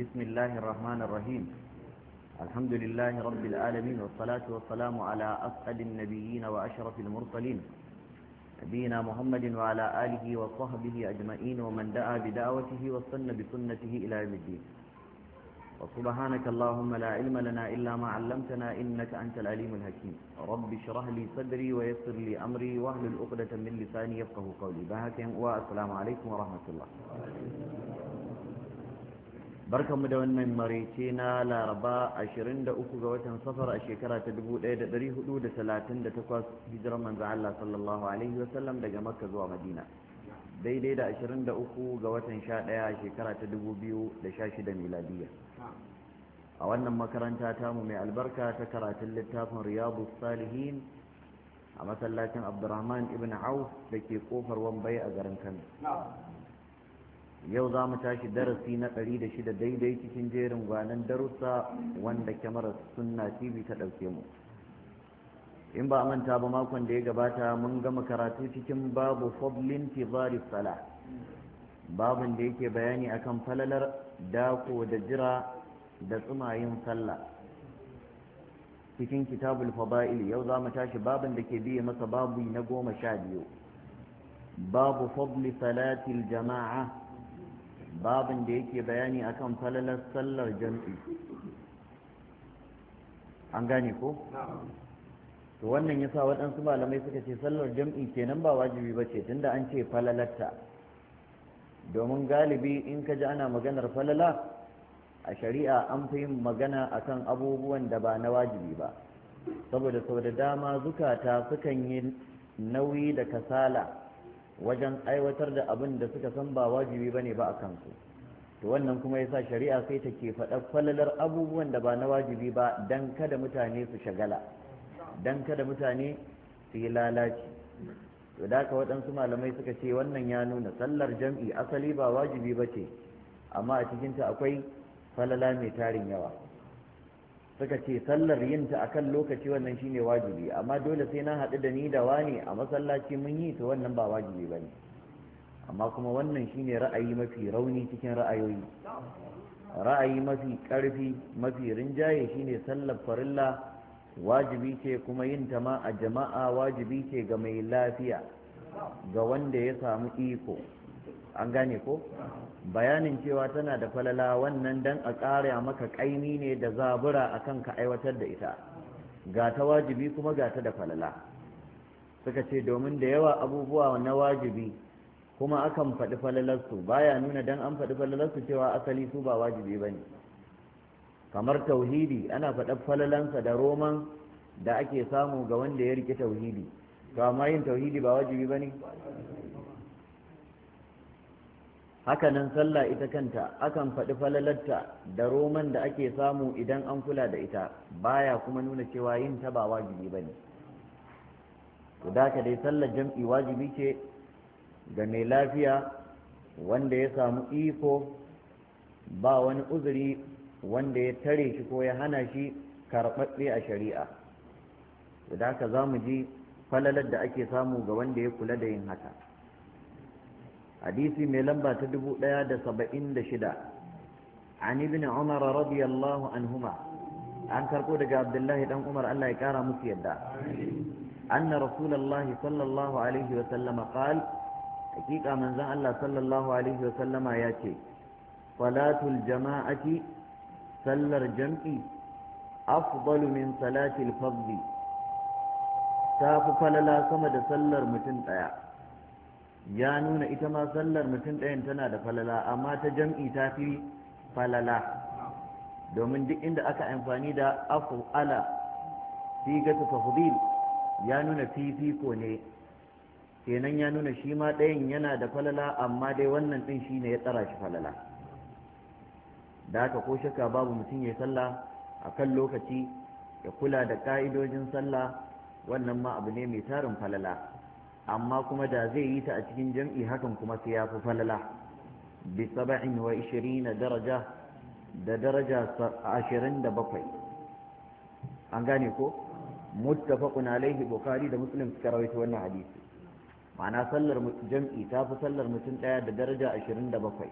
بسم الله الرحمن الرحيم الحمد لله رب العالمين والصلاة والسلام على أسأل النبيين وأشرف المرسلين نبينا محمد وعلى آله وصحبه أجمعين ومن دعا بدعوته والسنة بسنته إلى يوم الدين وسبحانك اللهم لا علم لنا إلا ما علمتنا إنك أنت العليم الحكيم رب اشرح لي صدري ويسر لي أمري واحلل عقدة من لساني يفقه قولي بهاك والسلام عليكم ورحمة الله barkanmu da wannan maraice na laraba 23 ga watan safar a shekara ta 1438 hijirar manzo Allah sallallahu alaihi wa sallam daga makka zuwa madina daidai da 23 ga watan 11 a shekara ta 2016 miladiya a wannan makaranta tamu mai albarka ta karatun littafin riyadu salihin a masallacin abdurrahman ibn auf da ke kofar wambai a garin kano yau za mu tashi darasi na ɗari da shida daidai cikin jerin gwanan darussa wanda kyamarar suna tv ta ɗauke mu in ba a manta ba makon da ya gabata mun gama karatu cikin babu fadlin tibari sala babin da yake bayani akan falalar dako da jira da tsumayin sallah cikin kitabul fabail yau za mu tashi babin da ke biye masa babu na goma sha biyu babu fadli salatil jama'a babin da yake bayani akan falalar sallar jam'i an gane ko to wannan yasa waɗansu malamai suka ce sallar jam'i kenan ba wajibi ba ce tunda an ce falalarta domin galibi in ka ji ana maganar falala a shari'a an fi yin magana akan abubuwan da ba na wajibi ba saboda sau da dama zukata sukan yi nauyi da kasala wajen aiwatar da abin da suka san ba wajibi ba ne ba a kansu to wannan kuma yasa shari'a sai ta ke faɗa falalar abubuwan da ba na wajibi ba don kada mutane su shagala don kada mutane su yi lalaci to da haka waɗansu malamai suka ce wannan ya nuna sallar jam'i asali ba wajibi ba ce amma a cikinta akwai falala mai tarin yawa suka ce sallar yinta a kan lokaci wannan shine wajibi amma dole sai na haɗu da ni da wani a masallaci mun yi to wannan ba wajibi ba ne amma kuma wannan shine ra'ayi mafi rauni cikin ra'ayoyi ra'ayi mafi ƙarfi mafi rinjaye shine sallar farilla wajibi ce kuma yin ta ma a jama'a wajibi ce ga mai lafiya ga wanda ya samu iko an gane ko bayanin cewa tana da falala wannan dan a ƙara maka ƙaimi ne da zabura akan ka aiwatar da ita ga ta wajibi kuma ga ta da falala suka ce domin da yawa abubuwa na wajibi kuma akan faɗi falalarsu baya nuna dan an faɗi falalarsu cewa asali su ba wajibi ba ne kamar tauhidi ana faɗa falalansa da roman da ake samu ga wanda ya riƙe tauhidi to amma yin tauhidi ba wajibi ba ne hakanan sallah ita kanta akan faɗi falalarta da roman da ake samu idan an kula da ita baya kuma nuna cewa yin ta ba wajibi ba ne ka dai sallar jam'i wajibi ce ga mai lafiya wanda ya samu iko ba wani uzuri wanda ya tare shi ko ya hana shi karɓaɓɓe a shari'a da ka za mu ji falalar da ake samu ga wanda ya kula da yin haka hadisi mai lamba ta dubu da 1076 an ibn umar radiyallahu anhuma an karbo daga abdullahi dan umar Allah ya kara musu yadda anna rasulullahi sallallahu alaihi wa sallama qal hakika manzon Allah sallallahu alaihi wa sallama ya ce salatul jama'ati sallar jam'i afdalu min salatil fadli ta fi falala sama da sallar mutum ɗaya ya nuna ita ma sallar mutum ɗayan tana da falala amma ta jam'i ta fi falala domin duk inda aka amfani da afu ala fi gata tafdil ya nuna fifiko ne kenan ya nuna shi ma ɗayan yana da falala amma dai wannan ɗin shi ne ya tsara shi falala da haka ko shakka babu mutum ya sallah a kan lokaci ya kula da ƙa'idojin sallah wannan ma abu ne mai tarin falala amma kuma da zai yi ta a cikin jam'i hakan kuma sai ya fi falala bi saba'in wa ishirina daraja da daraja ashirin da bakwai an gane ko muttafaqun alaihi bukhari da muslim suka rawaito wannan hadisi ma'ana sallar jam'i ta fi sallar mutum daya da daraja ashirin da bakwai